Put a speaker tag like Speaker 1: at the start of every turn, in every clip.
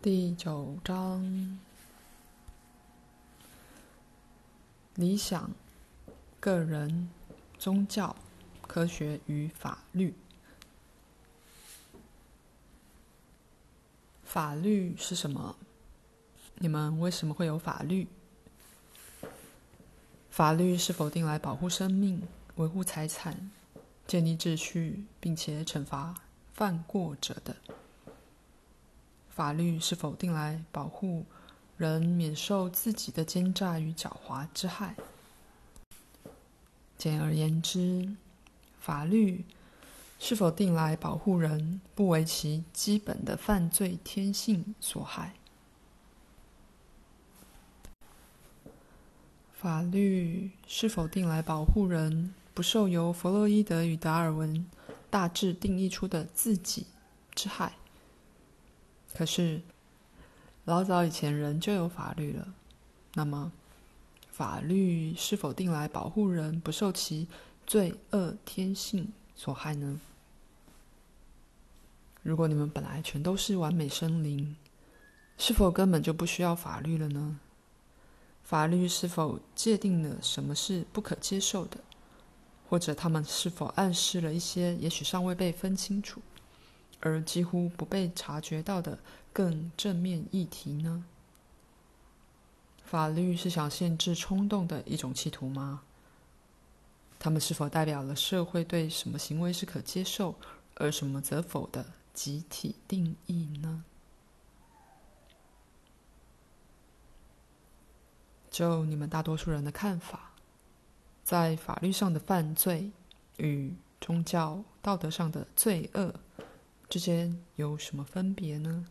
Speaker 1: 第九章：理想、個人、宗教、科學與法律。法律是什麼？你們為什麼會有法律？法律是否定來保護生命、維護財產、建立秩序，並且懲罰犯過者的？的法律是否定來保護人免受自己的奸詐與狡猾之害？簡而言之，法律是否定來保護人不為其基本的犯罪天性所害？法律是否定來保護人不受由弗洛伊德與達爾文大致定義出的自己之害？可是，老早以前人就有法律了。那麼，法律是否定來保護人不受其罪惡天性所害呢？如果你們本來全都是完美生靈，是否根本就不需要法律了呢？法律是否界定了什麼是不可接受的，或者他們是否暗示了一些也許尚未被分清楚？而幾乎不被察覺到的更正面議題呢？法律是想限制衝動的一種企圖嗎？他們是否代表了社會對什麼行為是可接受，而什麼則否的集體定義呢？就你們大多數人的看法，在法律上的犯罪與宗教道德上的罪惡之間有什麼分別呢？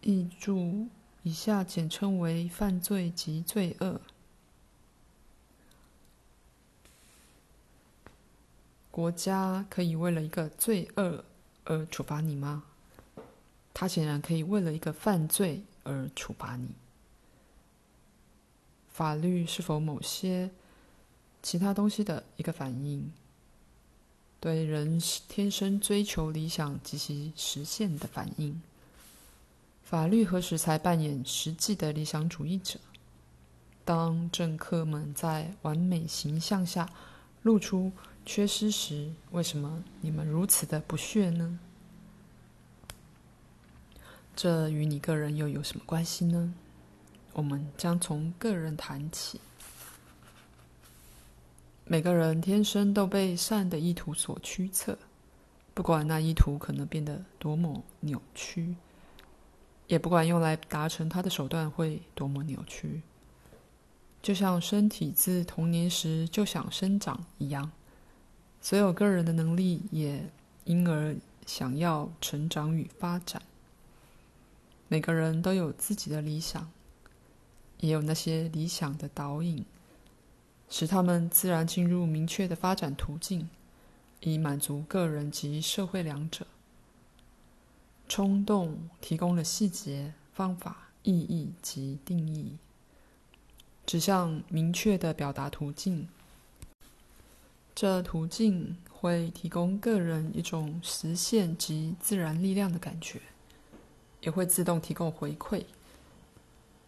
Speaker 1: 譯註，以下簡稱為犯罪及罪惡。國家可以為了一個罪惡而處罰你嗎？它顯然可以為了一個犯罪而處罰你。法律是否某些其他東西的一個反應？對人天生追求理想及其實現的反應。法律何時才扮演實際的理想主義者？當政客們在完美形象下露出缺失時，為什麼你們如此的不屑呢？這與你個人又有什麼關係呢？我們將從個人談起。每個人天生都被善的意圖所驅策，不管那意圖可能變得多麼扭曲，也不管用來達成它的手段會多麼扭曲。就像身體自童年時就想生長一樣，所有個人的能力也因而想要成長與發展。每個人都有自己的理想，也有那些理想的導引。使他們自然進入明確的發展途徑，以滿足個人及社會兩者。衝動提供了細節、方法、意義及定義，指向明確的表達途徑。這途徑會提供個人一種實現及自然力量的感覺，也會自動提供回饋。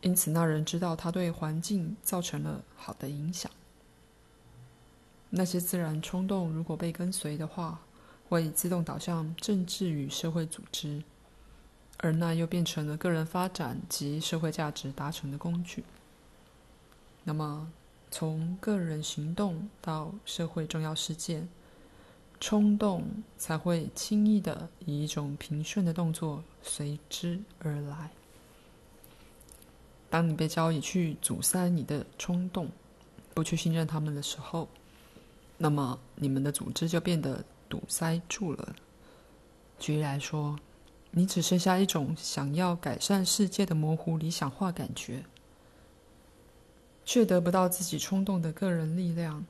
Speaker 1: 因此，那人知道他對環境造成了好的影響。那些自然衝動，如果被跟隨的話，會自動導向政治與社會組織，而那又變成了個人發展及社會價值達成的工具。那麼，從個人行動到社會重要事件，衝動才會輕易地以一種平順的動作隨之而來。當你被教育去阻塞你的衝動，不去信任他們的時候，那麼，你們的組織就變得堵塞住了。舉例來說，你只剩下一種想要改善世界的模糊理想化感覺，卻得不到自己衝動的個人力量，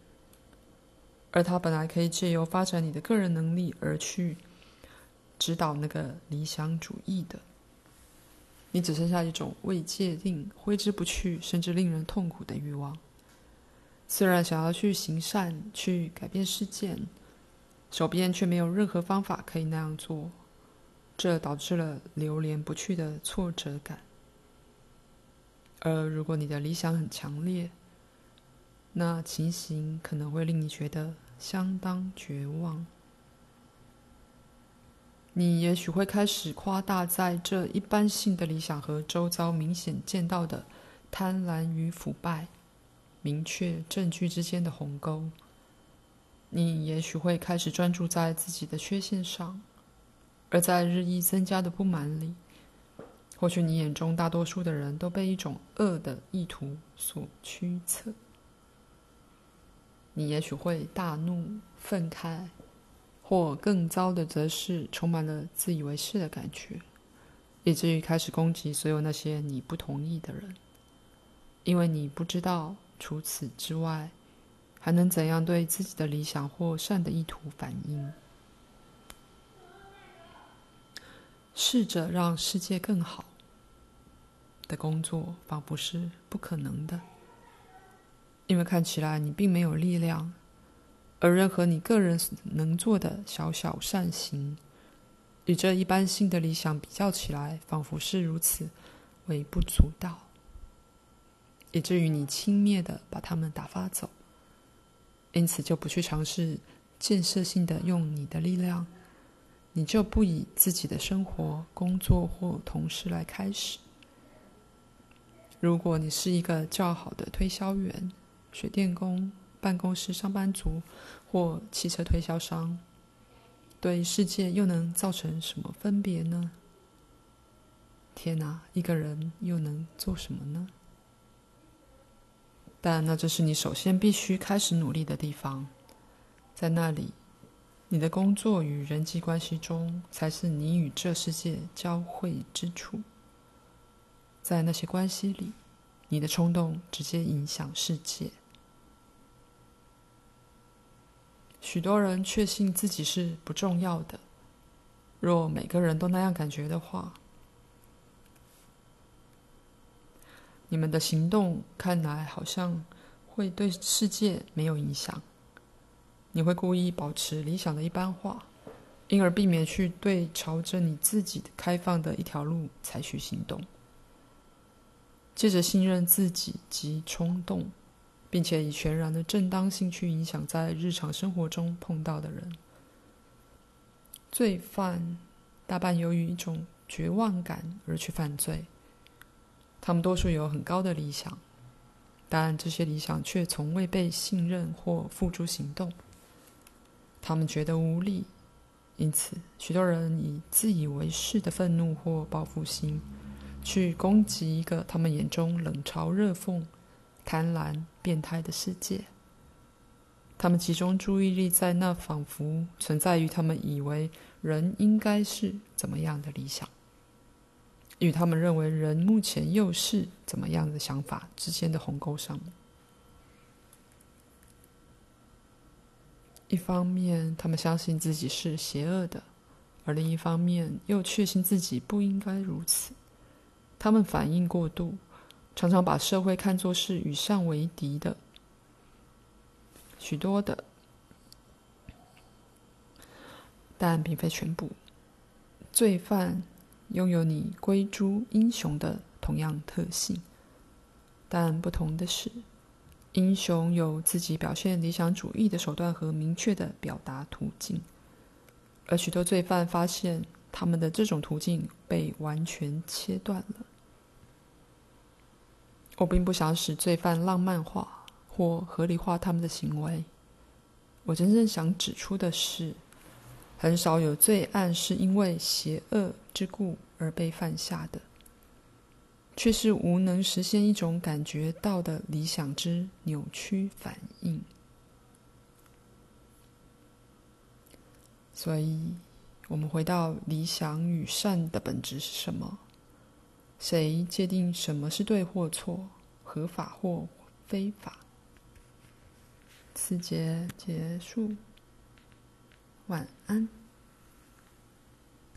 Speaker 1: 而他本來可以借由發展你的個人能力而去指導那個理想主義的。你只剩下一種未界定、揮之不去、甚至令人痛苦的欲望。雖然想要去行善，去改變世界，手邊卻沒有任何方法可以那樣做，這導致了流連不去的挫折感。而如果你的理想很強烈，那情形可能會令你覺得相當絕望。你也許會開始誇大在這一般性的理想和周遭明顯見到的貪婪與腐敗明確證據之間的鴻溝，你也許會開始專注在自己的缺陷上，而在日益增加的不滿裡，或許你眼中大多數的人都被一種惡的意圖所驅策。你也許會大怒、憤慨，或更糟的，則是充滿了自以為是的感覺，以至於開始攻擊所有那些你不同意的人，因為你不知道。除此之外，還能怎樣對自己的理想或善的意圖反應？試着讓世界更好的工作仿佛是不可能的，因為看起來你並沒有力量，而任何你個人能做的小小善行，與這一般性的理想比較起來，仿佛是如此微不足道。以至於你輕蔑的把他們打發走，因此就不去嘗試建設性的用你的力量，你就不以自己的生活、工作或同事來開始。如果你是一個較好的推銷員、水電工、辦公室上班族或汽車推銷商，對世界又能造成什麼分別呢？天哪，一個人又能做什麼呢？但那正是你首先必須開始努力的地方，在那裡，你的工作與人際關係中才是你與這世界交匯之處。在那些關係裡，你的衝動直接影響世界。許多人確信自己是不重要的，若每個人都那樣感覺的話，你們的行動看來好像會對世界沒有影響。你會故意保持理想的一般化，因而避免去對朝着你自己開放的一條路採取行動。借着信任自己及衝動，並且以全然的正當性去影響在日常生活中碰到的人。罪犯大半由於一種絕望感而去犯罪。他們多數有很高的理想，但這些理想卻從未被信任或付諸行動。他們覺得無力，因此許多人以自以為是的憤怒或報復心去攻擊一個他們眼中冷嘲熱諷、貪婪、變態的世界。他們集中注意力在那仿佛存在於他們以為人應該是怎麼樣的理想。與他們認為人目前又是怎麼樣的想法之間的鴻溝上，一方面他們相信自己是邪惡的，而另一方面又確信自己不應該如此。他們反應過度，常常把社會看作是與善為敵的。許多的，但並非全部，罪犯。擁有你歸諸英雄的同樣特性，但不同的是，英雄有自己表現理想主義的手段和明確的表達途徑，而許多罪犯發現他們的這種途徑被完全切斷了。我並不想使罪犯浪漫化或合理化他們的行為，我真正想指出的是，很少有罪案是因為邪惡之故而被犯下的，卻是無能實現一種感覺到的理想之扭曲反應。所以，我們回到理想與善的本質是什麼？誰界定什麼是對或錯、合法或非法？此節結束。晚安。